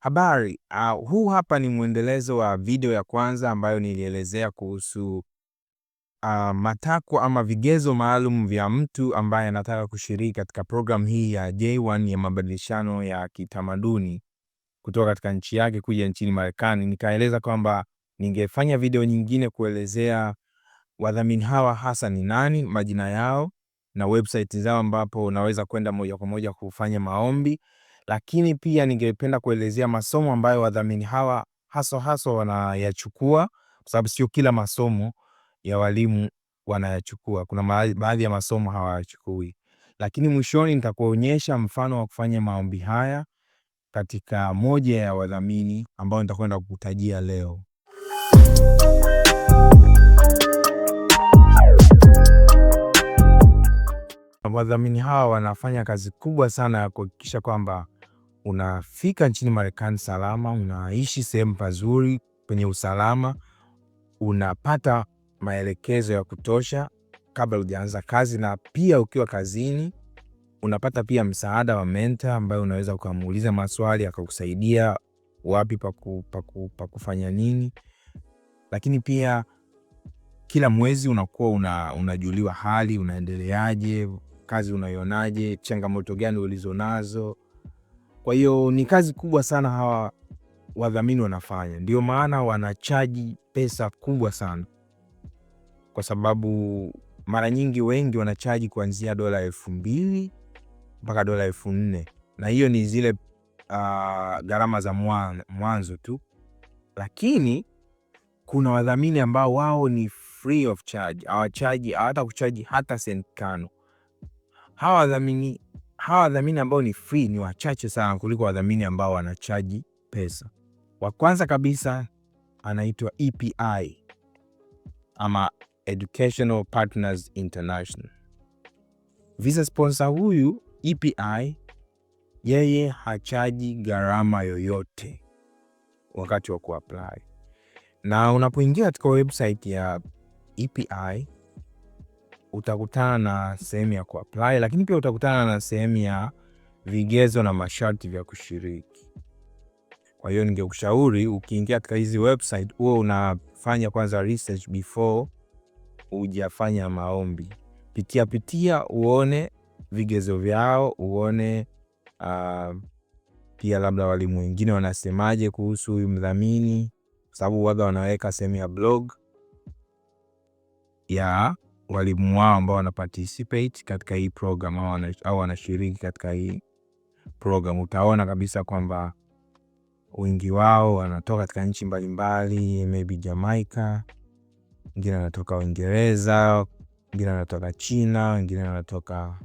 Habari, uh, huu hapa ni mwendelezo wa video ya kwanza ambayo nilielezea kuhusu uh, matakwa ama vigezo maalum vya mtu ambaye anataka kushiriki katika programu hii ya J1 ya mabadilishano ya kitamaduni kutoka katika nchi yake kuja nchini Marekani. Nikaeleza kwamba ningefanya video nyingine kuelezea wadhamini hawa hasa ni nani, majina yao na website zao ambapo unaweza kwenda moja kwa moja kufanya maombi lakini pia ningependa kuelezea masomo ambayo wadhamini hawa haswa haswa wanayachukua, kwa sababu sio kila masomo ya walimu wanayachukua. Kuna baadhi ya masomo hawayachukui, lakini mwishoni nitakuonyesha mfano wa kufanya maombi haya katika moja ya wadhamini ambao nitakwenda kukutajia leo. wadhamini hawa wanafanya kazi kubwa sana ya kuhakikisha kwamba unafika nchini Marekani salama, unaishi sehemu pazuri penye usalama, unapata maelekezo ya kutosha kabla ujaanza kazi, na pia ukiwa kazini unapata pia msaada wa menta ambaye unaweza ukamuuliza maswali akakusaidia wapi paku, paku, pakufanya nini. Lakini pia kila mwezi unakuwa una, unajuliwa hali unaendeleaje, kazi unaionaje, changamoto gani ulizonazo? Kwa hiyo ni kazi kubwa sana hawa wadhamini wanafanya, ndio maana wanachaji pesa kubwa sana, kwa sababu mara nyingi wengi wanachaji kuanzia dola elfu mbili mpaka dola elfu nne na hiyo ni zile uh, gharama za mwanzo tu, lakini kuna wadhamini ambao wao ni free of charge, hawachaji hawata kuchaji hata senti tano hawa wadhamini hawa wadhamini ambao ni free ni wachache sana kuliko wadhamini ambao wanachaji pesa. Wa kwanza kabisa anaitwa EPI ama Educational Partners International. Visa sponsor huyu EPI yeye hachaji gharama yoyote wakati wa kuapply, na unapoingia katika website ya EPI utakutana na sehemu ya kuapply, lakini pia utakutana na sehemu ya vigezo na masharti vya kushiriki. Kwa hiyo ningekushauri ukiingia katika hizi website huo unafanya kwanza research before hujafanya maombi. Pitia pitia uone vigezo vyao, uone uh, pia labda walimu wengine wanasemaje kuhusu huyu mdhamini, kwa sababu waga wanaweka sehemu ya blog ya walimu wao ambao wana participate katika hii program au wanashiriki katika hii program, utaona kabisa kwamba wengi wao wanatoka katika nchi mbalimbali, maybe Jamaica, wengine wanatoka Uingereza, wengine wanatoka China, wengine wanatoka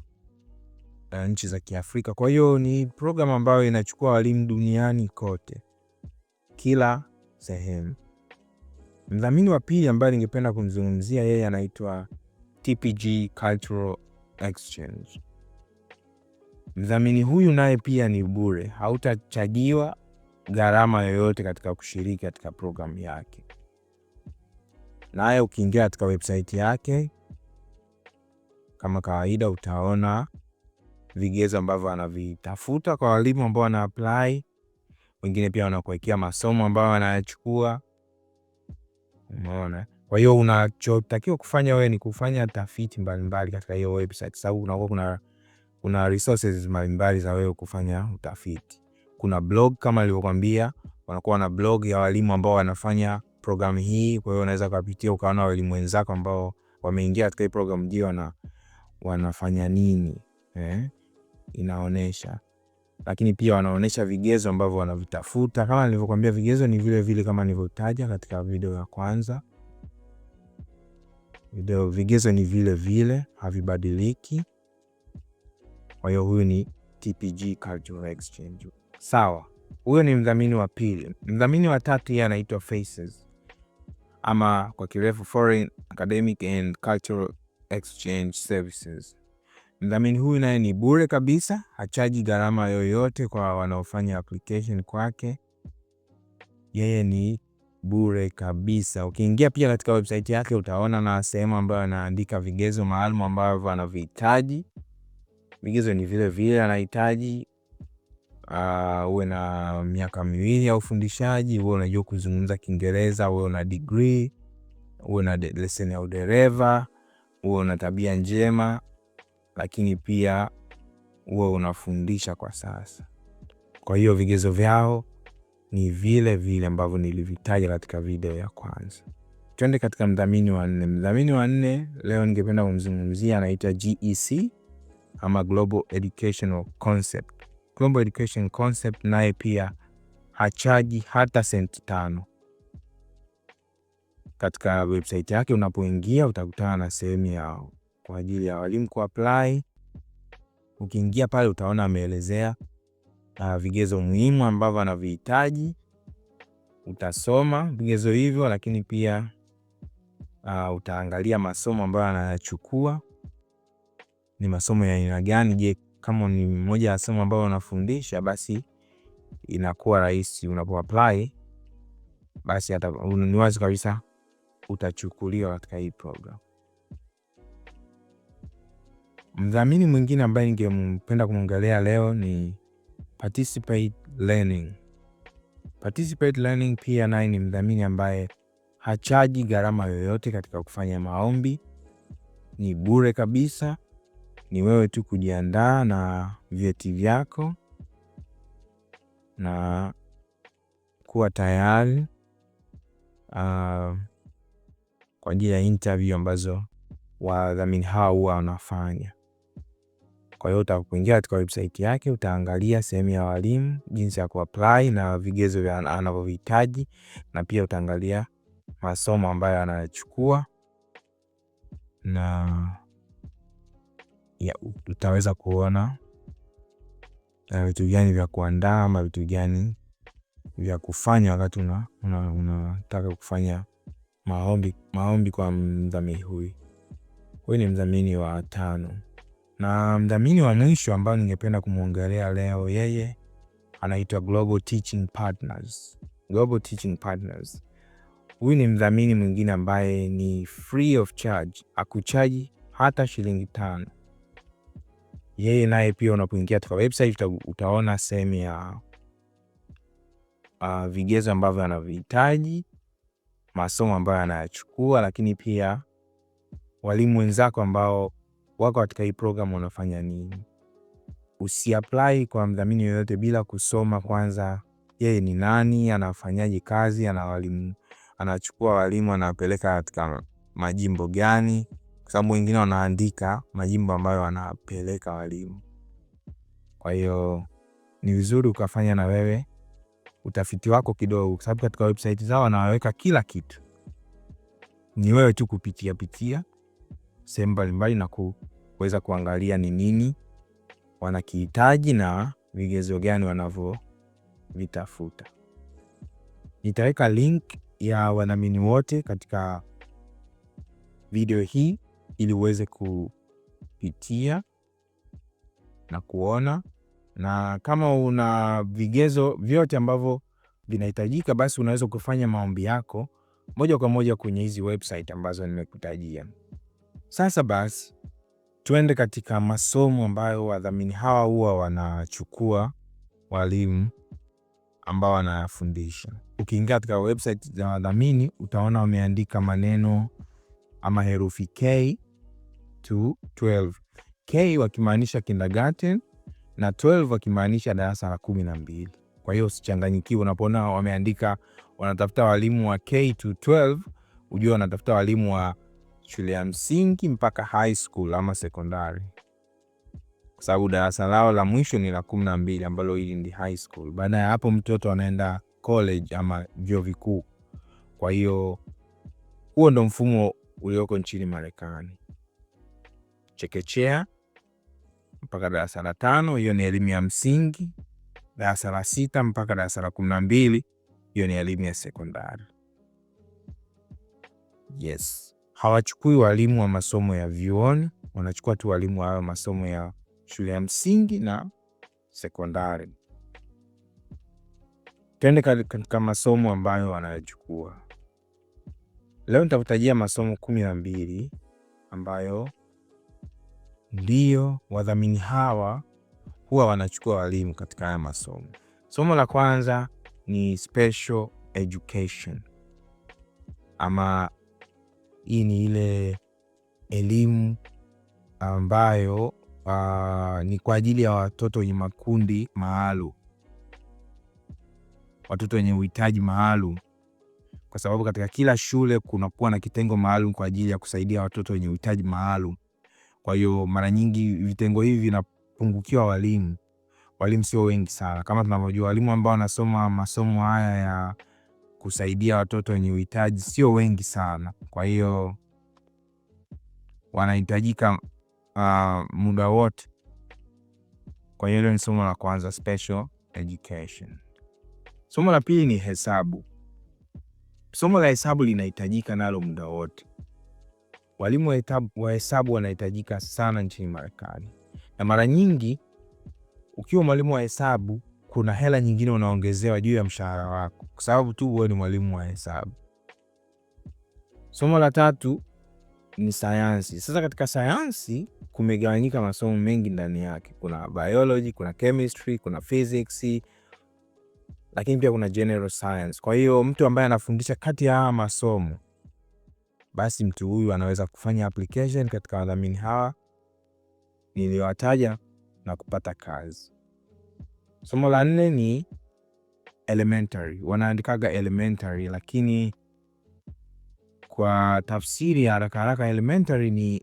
uh, nchi za Kiafrika. Kwa hiyo ni program ambayo inachukua walimu duniani kote, kila sehemu. Mdhamini wa pili ambaye ningependa kumzungumzia yeye anaitwa TPG Cultural Exchange. Mdhamini huyu naye pia ni bure, hautachajiwa gharama yoyote katika kushiriki katika programu yake. Naye ukiingia katika website yake kama kawaida, utaona vigezo ambavyo anavitafuta kwa walimu ambao wana apply. Wengine pia wanakuwekea masomo ambayo wanayachukua, umeona. Kwa hiyo unachotakiwa kufanya wewe ni kufanya tafiti mbalimbali katika hiyo website, sababu unakuwa kuna kuna resources mbalimbali za wewe kufanya utafiti. Kuna blog kama nilivyokuambia, wanakuwa na blog ya walimu ambao wanafanya programu hii, kwa hiyo unaweza kupitia ukaona walimu wenzako ambao wameingia katika hii programu je, wana wanafanya nini eh? Inaonesha, lakini pia wanaonesha vigezo ambavyo wanavitafuta. Kama nilivyokuambia, vigezo ni vile vile kama nilivyotaja katika video ya kwanza. Video vigezo ni vile vile havibadiliki. Kwa hiyo huyu ni TPG Cultural Exchange. Sawa, huyo ni mdhamini wa pili. Mdhamini wa tatu yeye anaitwa Faces ama kwa kirefu Foreign Academic and Cultural Exchange Services. Mdhamini huyu naye ni bure kabisa, hachaji gharama yoyote kwa wanaofanya application kwake. Yeye ni bure kabisa. Ukiingia pia katika website yake utaona na sehemu ambayo anaandika vigezo maalum ambavyo anavihitaji. Vigezo ni vile vile anahitaji uh, uwe na miaka miwili ya ufundishaji, uwe unajua kuzungumza Kiingereza, uwe una degree, uwe na leseni ya udereva, uwe una tabia njema, lakini pia uwe unafundisha kwa sasa. Kwa hiyo vigezo vyao ni vile vile ambavyo nilivitaja katika video ya kwanza. Twende katika mdhamini wa nne. Mdhamini wa nne leo ningependa kumzungumzia, anaitwa GEC ama Global Educational Concept. Global Education Concept naye pia hachaji hata senti tano. Katika website yake unapoingia utakutana na sehemu ya kwa ajili ya walimu kuapply. Ukiingia pale utaona ameelezea uh, vigezo muhimu ambavyo anavihitaji. Utasoma vigezo hivyo, lakini pia uh, utaangalia masomo ambayo anayachukua ni masomo ya aina gani. Je, kama ni moja ya somo ambayo unafundisha basi inakuwa rahisi apply, basi ni wazi kabisa utachukuliwa katika hii program. Mdhamini mwingine ambaye ningempenda kumwongelea leo ni Participate Learning. Participate Learning pia naye ni mdhamini ambaye hachaji gharama yoyote katika kufanya maombi, ni bure kabisa, ni wewe tu kujiandaa na vyeti vyako na kuwa tayari uh, kwa ajili ya interview ambazo wadhamini hawa huwa wanafanya. Kwa hiyo utakuingia katika website yake, utaangalia sehemu ya walimu, jinsi ya kuapply na vigezo vya anavyohitaji, na pia utaangalia masomo ambayo anayachukua na ya, utaweza kuona vitu gani vya kuandaa ama vitu gani vya kufanya wakati unataka una, una kufanya maombi, maombi kwa mdhamini huyu. Huyu ni mdhamini wa tano. Na mdhamini wa mwisho ambayo ningependa kumwongelea leo, yeye anaitwa Global Teaching Partners. Global Teaching Partners, huyu ni mdhamini mwingine ambaye ni free of charge, akuchaji hata shilingi tano. Yeye naye pia unapoingia katika website utaona sehemu ya uh, vigezo ambavyo anavihitaji, masomo ambayo anayachukua, lakini pia walimu wenzako ambao wako katika hii program wanafanya nini. Usiapply kwa mdhamini yoyote bila kusoma kwanza yeye ni nani, anafanyaje kazi, ana walimu, anachukua walimu anawapeleka katika majimbo gani, kwa sababu wengine wanaandika majimbo ambayo wanapeleka walimu. Kwa hiyo ni vizuri ukafanya na wewe utafiti wako kidogo, kwa sababu katika website zao wanaweka kila kitu, ni wewe tu kupitia pitia sehemu mbalimbali na kuweza kuangalia ni nini wanakihitaji na vigezo gani wanavyovitafuta. Nitaweka link ya wadhamini wote katika video hii ili uweze kupitia na kuona, na kama una vigezo vyote ambavyo vinahitajika, basi unaweza kufanya maombi yako moja kwa moja kwenye hizi website ambazo nimekutajia. Sasa basi tuende katika masomo ambayo wadhamini hawa huwa wanachukua walimu ambao wanayafundisha. Ukiingia katika website za wadhamini utaona wameandika maneno ama herufi K to 12. K wakimaanisha kindergarten na 12 wakimaanisha darasa la kumi na mbili. Kwa hiyo usichanganyikiwe unapoona wameandika wanatafuta walimu wa K to 12, ujue wanatafuta walimu wa shule ya msingi mpaka high school ama sekondari, kwa sababu darasa lao la mwisho ni la kumi na mbili ambalo hili ndi high school. Baada ya hapo mtoto anaenda college ama vyuo vikuu. Kwa hiyo huo ndo mfumo ulioko nchini Marekani, chekechea mpaka darasa la tano, hiyo ni elimu ya msingi. Darasa la sita mpaka darasa la kumi na mbili, hiyo ni elimu ya sekondari. Yes hawachukui walimu wa masomo ya vyuoni, wanachukua tu walimu wa hayo masomo ya shule ya msingi na sekondari. Tuende katika masomo ambayo wanayochukua Leo nitakutajia masomo kumi na mbili ambayo ndiyo wadhamini hawa huwa wanachukua walimu katika haya masomo. Somo la kwanza ni special education ama hii ni ile elimu ambayo uh, ni kwa ajili ya watoto wenye makundi maalum, watoto wenye uhitaji maalum, kwa sababu katika kila shule kunakuwa na kitengo maalum kwa ajili ya kusaidia watoto wenye uhitaji maalum. Kwa hiyo mara nyingi vitengo hivi vinapungukiwa walimu, walimu sio wengi sana kama tunavyojua. Walimu ambao wanasoma masomo haya ya kusaidia watoto wenye uhitaji sio wengi sana, kwa hiyo wanahitajika uh, muda wote. Kwa hiyo hilo ni somo la kwanza, special education. Somo la pili ni hesabu. Somo la hesabu linahitajika nalo muda wote. Walimu wa hesabu wanahitajika sana nchini Marekani, na mara nyingi ukiwa mwalimu wa hesabu kuna hela nyingine unaongezewa juu ya mshahara wako kwa sababu tu wewe ni mwalimu wa hesabu. Somo la tatu ni sayansi. Sasa katika sayansi kumegawanyika masomo mengi ndani yake, kuna biology, kuna chemistry, kuna physics, lakini pia kuna general science. Kwa hiyo mtu ambaye anafundisha kati ya haya masomo, basi mtu huyu anaweza kufanya application katika wadhamini hawa niliowataja na kupata kazi. Somo la nne ni elementary, wanaandikaga elementary, lakini kwa tafsiri ya haraka haraka elementary ni,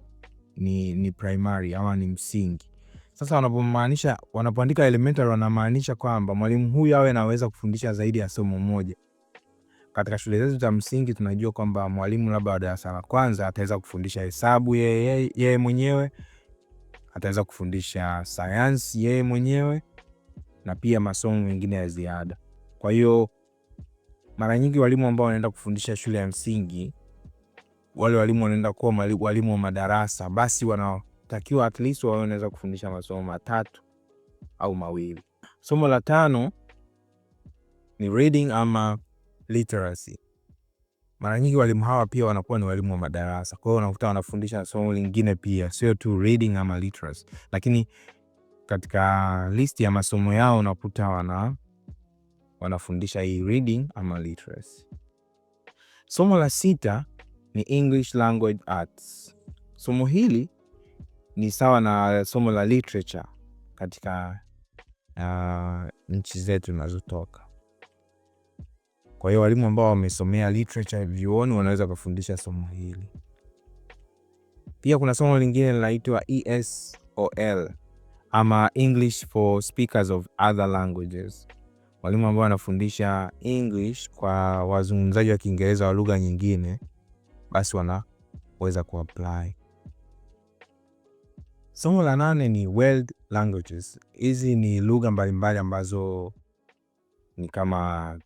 ni, ni primary ama ni msingi. Sasa wanapomaanisha wanapoandika elementary wanamaanisha kwamba mwalimu huyu awe anaweza kufundisha zaidi ya somo moja. Katika shule zetu za msingi tunajua kwamba mwalimu labda wa darasa la kwanza ataweza kufundisha hesabu yeye, yeye mwenyewe, ataweza kufundisha sayansi yeye mwenyewe na pia masomo mengine ya ziada. Kwa hiyo mara nyingi walimu ambao wanaenda kufundisha shule ya msingi, wale walimu wanaenda kuwa walimu wa madarasa, basi wanatakiwa at least wawe wanaweza kufundisha masomo matatu au mawili. Somo la tano ni reading ama literacy. Mara nyingi walimu hawa pia wanakuwa ni walimu wa madarasa, kwa hiyo unakuta wanafundisha somo lingine pia, sio tu reading ama literacy, lakini katika listi ya masomo yao unakuta wana wanafundisha hii reading ama literacy. Somo la sita ni English Language Arts. Somo hili ni sawa na somo la literature katika uh, nchi zetu zinazotoka. Kwa hiyo walimu ambao wamesomea literature vyuoni wanaweza kufundisha somo hili. Pia kuna somo lingine linaitwa ESOL ama English for speakers of other languages, walimu ambao wanafundisha English kwa wazungumzaji wa Kiingereza wa lugha nyingine, basi wanaweza kuapply. Somo la nane ni world languages. Hizi ni lugha mbalimbali ambazo ni kama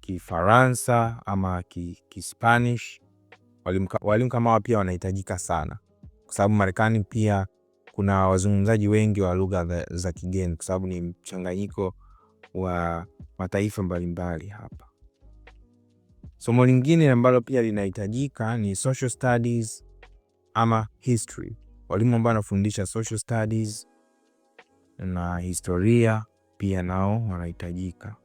Kifaransa ama Kispanish ki walimu, walimu kama hao pia wanahitajika sana, kwa sababu Marekani pia kuna wazungumzaji wengi wa lugha za kigeni kwa sababu ni mchanganyiko wa mataifa mbalimbali hapa. Somo lingine ambalo pia linahitajika ni social studies ama history. Walimu ambao wanafundisha social studies na historia pia nao wanahitajika.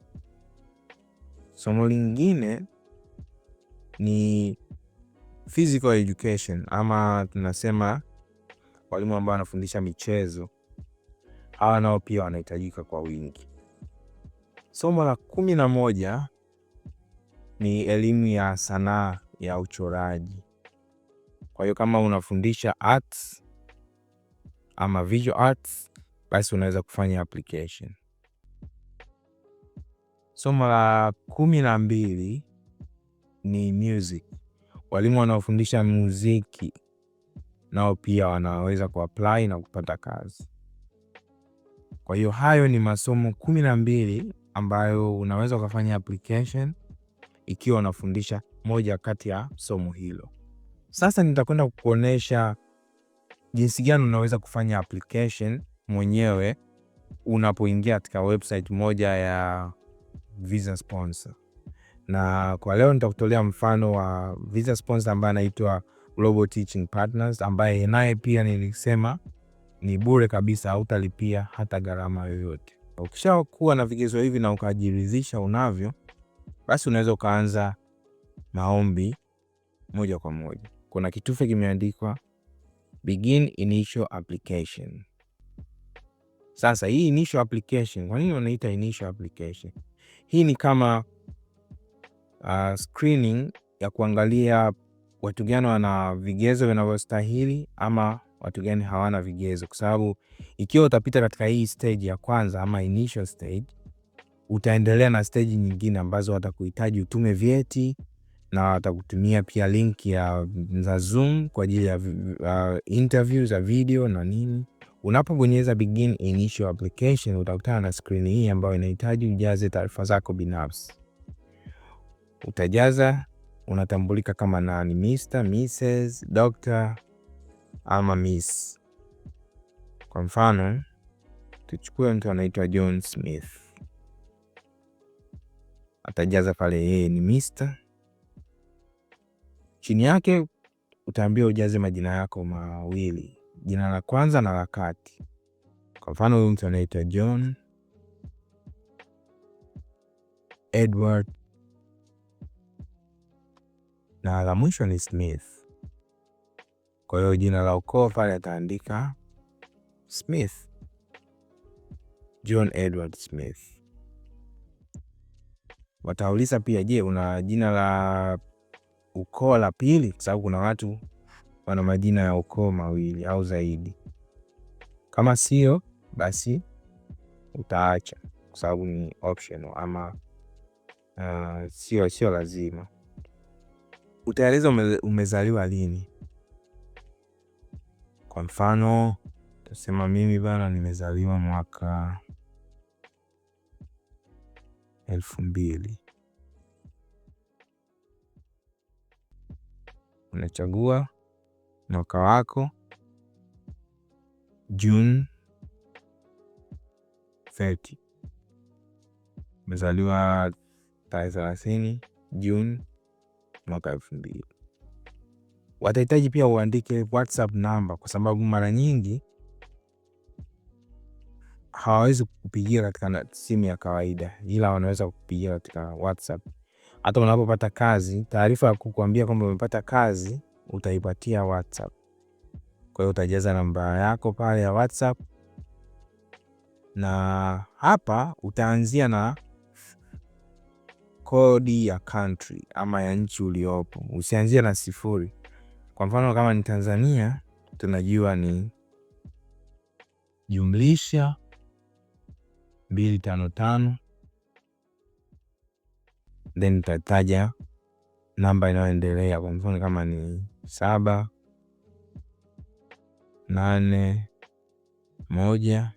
Somo lingine ni physical education ama tunasema walimu ambao wanafundisha michezo, hawa nao pia wanahitajika kwa wingi. Somo la kumi na moja ni elimu ya sanaa ya uchoraji. Kwa hiyo kama unafundisha arts ama visual arts, basi unaweza kufanya application. Somo la kumi na mbili ni music. Walimu wanaofundisha muziki nao pia wanaweza kuapply na kupata kazi. Kwa hiyo hayo ni masomo kumi na mbili ambayo unaweza ukafanya application ikiwa unafundisha moja kati ya somo hilo. Sasa nitakwenda kukuonesha jinsi gani unaweza kufanya application mwenyewe unapoingia katika website moja ya visa sponsor, na kwa leo nitakutolea mfano wa visa sponsor ambaye anaitwa Global Teaching Partners ambaye naye pia nilisema ni bure kabisa, hautalipia hata gharama yoyote. Ukishakuwa na vigezo hivi na ukajiridhisha unavyo, basi unaweza ukaanza maombi moja kwa moja. Kuna kitufe kimeandikwa begin initial application. Sasa hii initial application, kwa nini wanaita initial application? Hii ni kama uh, screening ya kuangalia watu gani wana vigezo vinavyostahili ama watu gani hawana vigezo, kwa sababu ikiwa utapita katika hii stage ya kwanza ama initial stage, utaendelea na stage nyingine ambazo watakuhitaji utume vyeti na watakutumia pia link ya za Zoom kwa ajili ya uh, interview za video na nini. Unapobonyeza begin initial application, utakutana na screen hii ambayo inahitaji ujaze taarifa zako binafsi. Utajaza unatambulika kama nani, Mr, Mrs, Dr ama Miss. Kwa mfano tuchukue mtu anaitwa John Smith, atajaza pale yeye ni Mr. Chini yake utaambiwa ujaze majina yako mawili, jina la kwanza na la kati. Kwa mfano huyu mtu anaitwa John Edward na la mwisho ni Smith. Kwa hiyo jina la ukoo pale ataandika Smith, John Edward Smith. Watauliza pia, je, una jina la ukoo la pili? Kwa sababu kuna watu wana majina ya ukoo mawili au zaidi. Kama sio, basi utaacha, kwa sababu ni optional ama uh, sio sio lazima utaeleza ume, umezaliwa lini. Kwa mfano utasema mimi bana, nimezaliwa mwaka elfu mbili. Unachagua mwaka wako June 30, umezaliwa tarehe thelathini June mwaka elfu mbili. Watahitaji pia uandike WhatsApp namba, kwa sababu mara nyingi hawawezi kupigia katika simu ya kawaida, ila wanaweza kupigia katika WhatsApp. Hata unapopata kazi, taarifa ya kukuambia kwamba umepata kazi utaipatia WhatsApp. Kwa hiyo utajaza namba yako pale ya WhatsApp, na hapa utaanzia na kodi ya country ama ya nchi uliopo, usianzie na sifuri. Kwa mfano kama ni Tanzania tunajua ni jumlisha mbili tano tano then utataja namba inayoendelea. Kwa mfano kama ni saba nane moja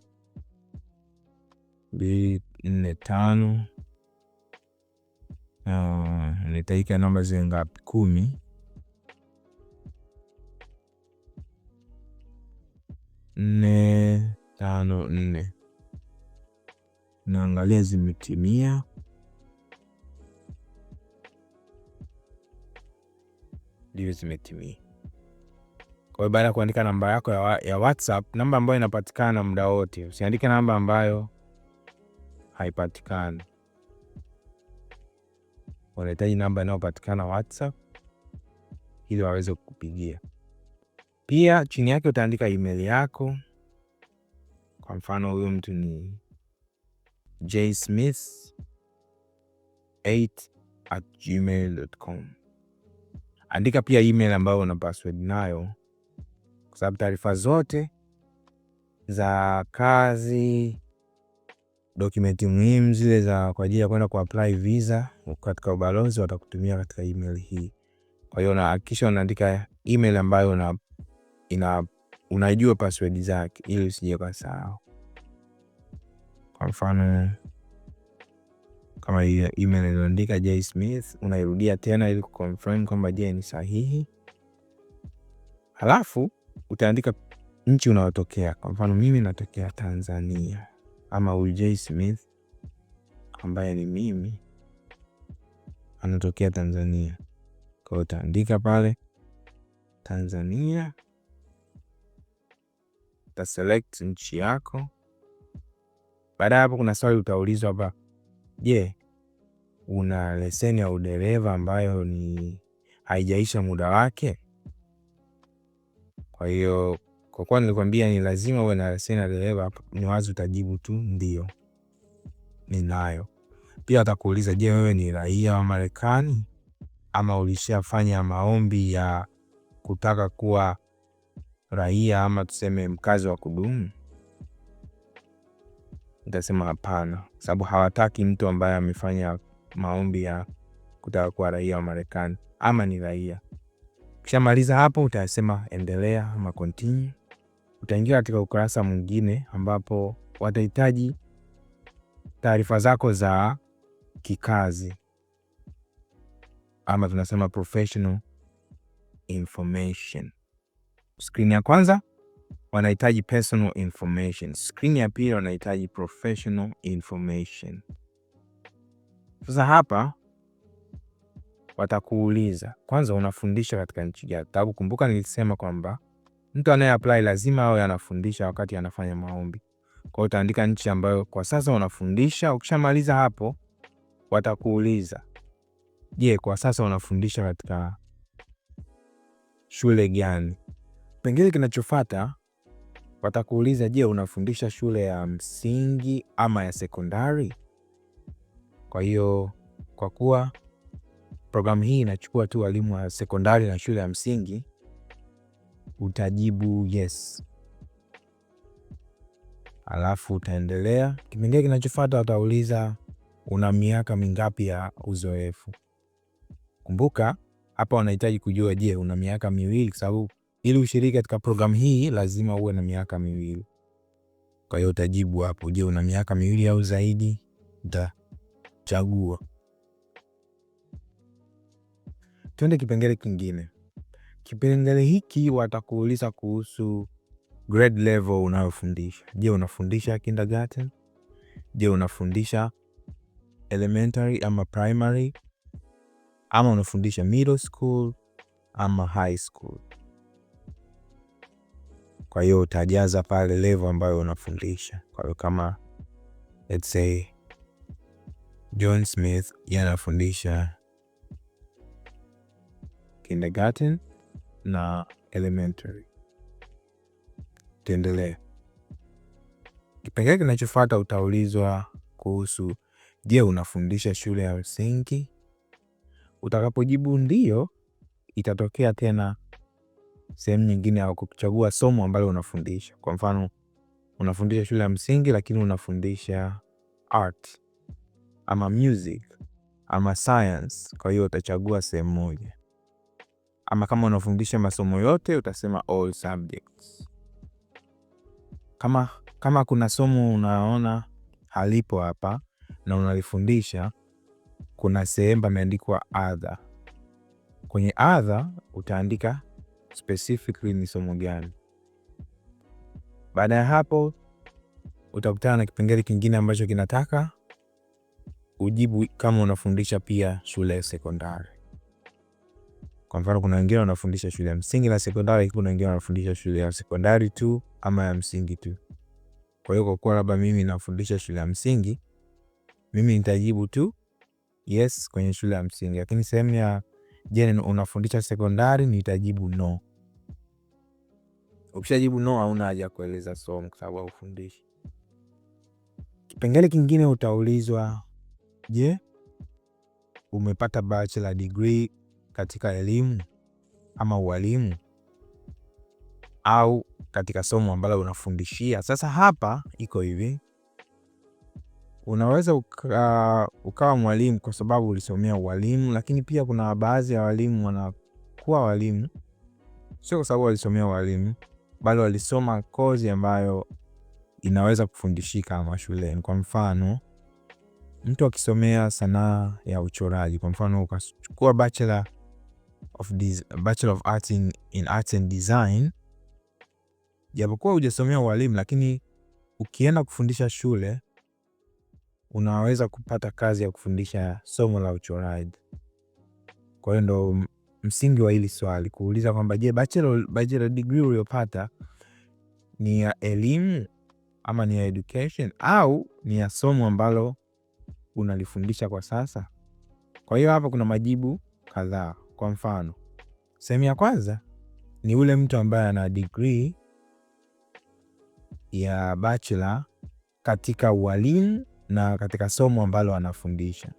mbili nne tano Ah, nitaika namba ziwe ngapi? Kumi. Nne tano nne, naangalia zimetimia. Ndio, zimetimia. Kwa hiyo baada ya kuandika namba yako ya, ya WhatsApp, namba ambayo inapatikana muda wote, usiandike namba ambayo haipatikani wanahitaji namba inayopatikana WhatsApp ili waweze kukupigia. Pia chini yake utaandika email yako. Kwa mfano huyo mtu ni jsmith8 at gmail.com. Andika pia email ambayo una password nayo, kwa sababu taarifa zote za kazi dokumenti muhimu zile za kwa ajili ya kwenda kuapply visa katika ubalozi watakutumia katika email hii. Kwa hiyo unahakikisha unaandika email ambayo una, ina, unajua password zake ili usije ukasahau. Kwa mfano kama hiyo email iliyoandika J Smith unairudia tena ili kuconfirm kwamba je, ni sahihi. Halafu utaandika nchi unayotokea. Kwa mfano mimi natokea Tanzania ama j Smith ambaye ni mimi, anatokea Tanzania. Kwa hiyo utaandika pale Tanzania, select nchi yako. Baada ya hapo, kuna swali utaulizwa hapa, je, una leseni ya udereva ambayo ni haijaisha muda wake? Kwa hiyo kwa kuwa nilikwambia ni lazima uwe na leseni ya dereva, ni wazi utajibu tu ndio, ninayo. Pia watakuuliza, je, wewe ni raia wa Marekani ama ulishafanya maombi ya kutaka kuwa raia ama tuseme mkazi wa kudumu? Utasema hapana, sababu hawataki mtu ambaye amefanya maombi ya kutaka kuwa raia wa Marekani ama ni raia. Ukishamaliza hapo, utasema endelea ama continue utaingia katika ukurasa mwingine ambapo watahitaji taarifa zako za kikazi ama tunasema professional information. Screen ya kwanza wanahitaji personal information, screen ya pili wanahitaji professional information. Sasa hapa watakuuliza kwanza, unafundisha katika nchi gani? Tabu, kumbuka nilisema kwamba Mtu anaye apply lazima awe anafundisha wakati anafanya maombi. Kwa hiyo utaandika nchi ambayo kwa sasa unafundisha. Ukishamaliza hapo, watakuuliza je, kwa sasa unafundisha katika shule gani? Pengine kinachofata watakuuliza je, unafundisha shule ya msingi ama ya sekondari? Kwa hiyo kwa kuwa programu hii inachukua tu walimu wa sekondari na shule ya msingi, utajibu yes, alafu utaendelea. Kipengele kinachofuata utauliza una miaka mingapi ya uzoefu. Kumbuka hapa wanahitaji kujua, je, una miaka miwili? Kwa sababu ili ushiriki katika programu hii lazima uwe na miaka miwili. Kwa hiyo utajibu hapo, je, una miaka miwili au zaidi? Utachagua. Tuende kipengele kingine kipengele hiki watakuuliza kuhusu grade level unayofundisha. Je, unafundisha kindergarten? Je, unafundisha elementary ama primary, ama unafundisha middle school ama high school? Kwa hiyo utajaza pale level ambayo unafundisha. Kwa hiyo kama let's say John Smith yanafundisha kindergarten na elementary. Tuendelee. Kipengele kinachofuata utaulizwa kuhusu je, unafundisha shule ya msingi? Utakapojibu ndio itatokea tena sehemu nyingine ya kuchagua somo ambalo unafundisha. Kwa mfano, unafundisha shule ya msingi lakini unafundisha art ama music ama science, kwa hiyo utachagua sehemu moja ama kama unafundisha masomo yote utasema all subjects. Kama, kama kuna somo unaona halipo hapa na unalifundisha, kuna sehemu pameandikwa other. Kwenye other utaandika specifically ni somo gani. Baada ya hapo, utakutana na kipengele kingine ambacho kinataka ujibu kama unafundisha pia shule ya sekondari. Kwa mfano kuna wengine wanafundisha shule ya msingi na sekondari, kuna wengine wanafundisha shule ya sekondari tu ama ya msingi tu. Kwa hiyo kwa kuwa labda mimi nafundisha shule ya msingi, mimi nitajibu tu yes kwenye shule ya msingi, lakini sehemu ya je, unafundisha sekondari, nitajibu no. Ukishajibu no, hauna haja kueleza somo kwa sababu haufundishi. Kipengele kingine utaulizwa, je, umepata bachelor degree katika elimu ama ualimu au katika somo ambalo unafundishia. Sasa hapa iko hivi, unaweza uka, ukawa mwalimu kwa sababu ulisomea ualimu, lakini pia kuna baadhi ya walimu wanakuwa walimu sio kwa sababu walisomea ualimu, bali walisoma kozi ambayo inaweza kufundishika mashuleni. shuleni. Kwa mfano mtu akisomea sanaa ya uchoraji, kwa mfano ukachukua bachelor of this Bachelor of Arts in, in Arts and Design. Japokuwa hujasomea ualimu, lakini ukienda kufundisha shule unaweza kupata kazi ya kufundisha somo la uchoraji. Kwa hiyo ndo msingi wa hili swali kuuliza kwamba je, bachelor, bachelor degree uliopata ni ya elimu ama ni ya education au ni ya somo ambalo unalifundisha kwa sasa. Kwa hiyo hapa kuna majibu kadhaa. Kwa mfano, sehemu ya kwanza ni ule mtu ambaye ana degree ya bachelor katika ualimu na katika somo ambalo anafundisha.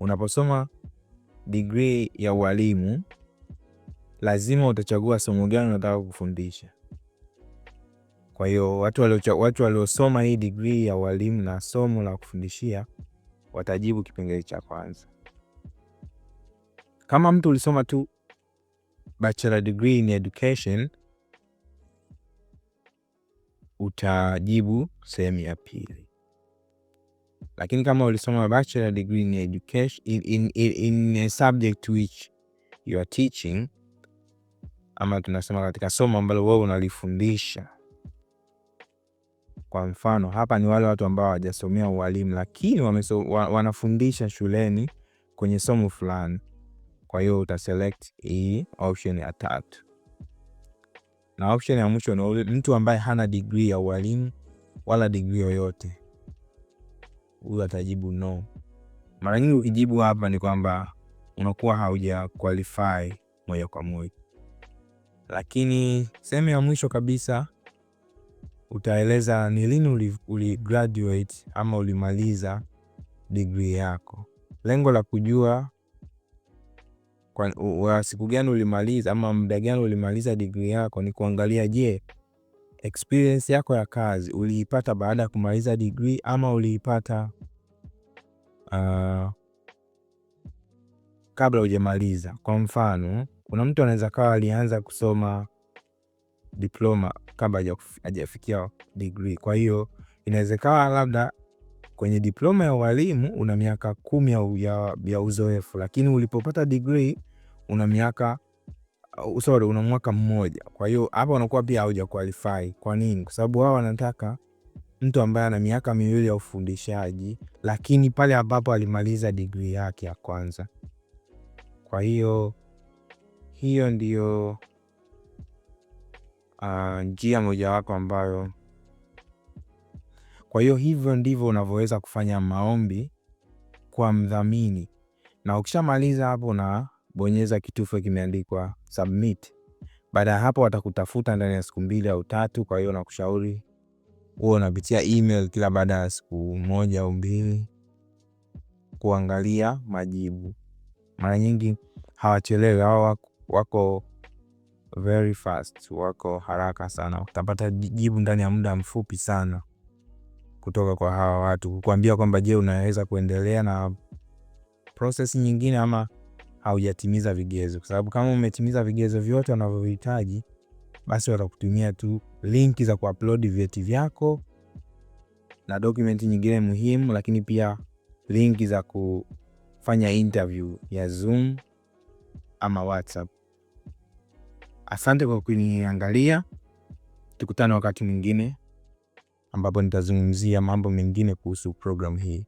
Unaposoma degree ya ualimu, lazima utachagua somo gani unataka kufundisha. Kwa hiyo watu waliosoma hii degree ya ualimu na somo la kufundishia watajibu kipengele cha kwanza. Kama mtu ulisoma tu bachelor degree in education, utajibu sehemu ya pili, lakini kama ulisoma bachelor degree in education in, in, in a subject which you are teaching, ama tunasema katika somo ambalo wewe unalifundisha. Kwa mfano hapa ni wale watu ambao hawajasomea ualimu, lakini wanafundisha shuleni kwenye somo fulani. Kwa hiyo uta select hii option ya tatu, na option ya mwisho ni mtu ambaye hana degree ya ualimu wala degree yoyote, huyu atajibu no. Mara nyingi ukijibu hapa ni kwamba unakuwa hauja qualify moja kwa moja, lakini sehemu ya mwisho kabisa utaeleza ni lini uli graduate ama ulimaliza degree yako. Lengo la kujua kwa siku gani ulimaliza ama muda gani ulimaliza degree yako, ni kuangalia je, experience yako ya kazi uliipata baada ya kumaliza degree ama uliipata uh, kabla hujamaliza. Kwa mfano, kuna mtu anaweza kawa alianza kusoma diploma kabla hajafikia degree, kwa hiyo inawezekana labda Kwenye diploma ya ualimu una miaka kumi ya, ya, ya uzoefu, lakini ulipopata degree una miaka uh, sorry, una mwaka mmoja. Kwa hiyo hapa unakuwa pia hauja qualify. Kwa nini? Kwa sababu wao wanataka mtu ambaye ana miaka miwili ya ufundishaji, lakini pale ambapo alimaliza degree yake ya kwanza. Kwa hiyo hiyo ndio uh, njia mojawapo ambayo kwa hiyo hivyo ndivyo unavyoweza kufanya maombi kwa mdhamini, na ukishamaliza hapo unabonyeza kitufe kimeandikwa submit. Baada ya hapo watakutafuta ndani ya siku mbili au tatu. Kwa hiyo nakushauri huwa unapitia email kila baada ya siku moja au mbili kuangalia majibu. Mara nyingi hawachelewi wako, wako very fast, wako haraka sana, utapata jibu ndani ya muda mfupi sana kutoka kwa hawa watu kukuambia kwamba je, unaweza kuendelea na proses nyingine ama haujatimiza vigezo, kwa sababu kama umetimiza vigezo vyote wanavyohitaji, basi watakutumia tu linki za kuupload vyeti vyako na dokumenti nyingine muhimu, lakini pia linki za kufanya interview ya Zoom ama WhatsApp. Asante kwa kuniangalia, tukutane wakati mwingine ambapo nitazungumzia mambo mengine kuhusu programu hii.